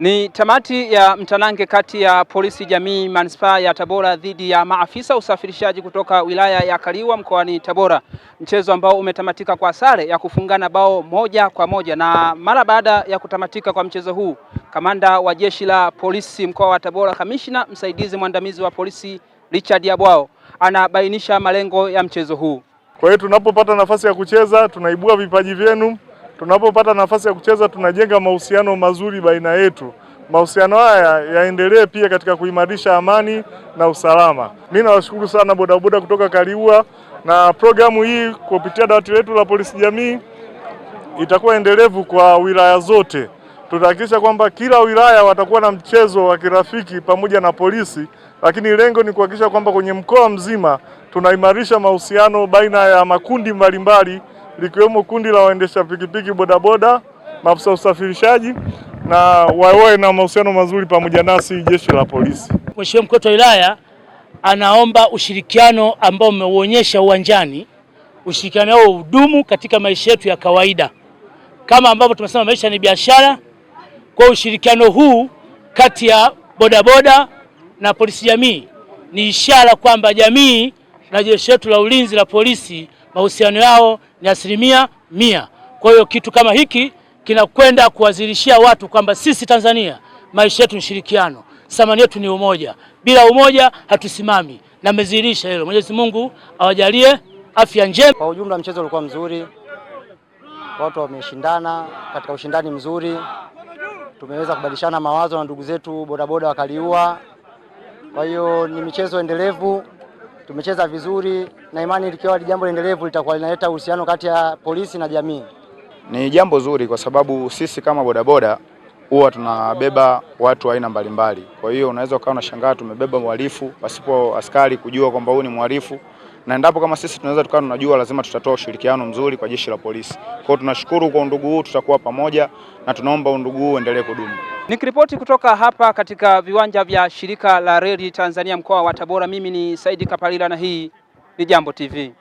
Ni tamati ya mtanange kati ya polisi jamii manispaa ya Tabora dhidi ya maafisa usafirishaji kutoka wilaya ya Kaliua mkoani Tabora, mchezo ambao umetamatika kwa sare ya kufungana bao moja kwa moja. Na mara baada ya kutamatika kwa mchezo huu, kamanda wa jeshi la polisi mkoa wa Tabora, kamishna msaidizi mwandamizi wa polisi Richard yabwao anabainisha malengo ya mchezo huu. Kwa hiyo tunapopata nafasi ya kucheza tunaibua vipaji vyenu tunapopata nafasi ya kucheza tunajenga mahusiano mazuri baina yetu. Mahusiano haya yaendelee pia katika kuimarisha amani na usalama. Mimi nawashukuru sana bodaboda kutoka Kaliua na programu hii kupitia dawati letu la polisi jamii itakuwa endelevu kwa wilaya zote. Tutahakikisha kwamba kila wilaya watakuwa na mchezo wa kirafiki pamoja na polisi, lakini lengo ni kuhakikisha kwamba kwenye mkoa mzima tunaimarisha mahusiano baina ya makundi mbalimbali likiwemo kundi la waendesha pikipiki, bodaboda, maafisa usafirishaji na wawe na mahusiano mazuri pamoja nasi jeshi la polisi. Mheshimiwa mkuu wa wilaya anaomba ushirikiano ambao umeuonyesha uwanjani, ushirikiano wao udumu katika maisha yetu ya kawaida, kama ambavyo tumesema maisha ni biashara. Kwa ushirikiano huu kati ya bodaboda na polisi jamii ni ishara kwamba jamii na jeshi letu la ulinzi la polisi mahusiano yao ni asilimia mia. Kwa hiyo kitu kama hiki kinakwenda kuwazilishia watu kwamba sisi Tanzania maisha yetu ni shirikiano, thamani yetu ni umoja. Bila umoja hatusimami, na mmezihirisha hilo. Mwenyezi Mungu awajalie afya njema. Kwa ujumla, mchezo ulikuwa mzuri, watu wameshindana katika ushindani mzuri, tumeweza kubadilishana mawazo na ndugu zetu bodaboda wakaliua. Kwa hiyo ni michezo endelevu tumecheza vizuri na imani likiwa jambo endelevu litakuwa linaleta uhusiano kati ya polisi na jamii. Ni jambo zuri kwa sababu sisi kama bodaboda huwa tunabeba watu aina mbalimbali. Kwa hiyo unaweza ukawa unashangaa tumebeba mhalifu pasipo askari kujua kwamba huyu ni mhalifu, na endapo kama sisi tunaweza tukawa tunajua, lazima tutatoa ushirikiano mzuri kwa jeshi la polisi. Kwa hiyo tunashukuru kwa undugu huu, tutakuwa pamoja na tunaomba undugu huu uendelee kudumu. Nikiripoti kutoka hapa katika viwanja vya shirika la reli Tanzania mkoa wa Tabora, mimi ni Saidi Kapalila na hii ni Jambo TV.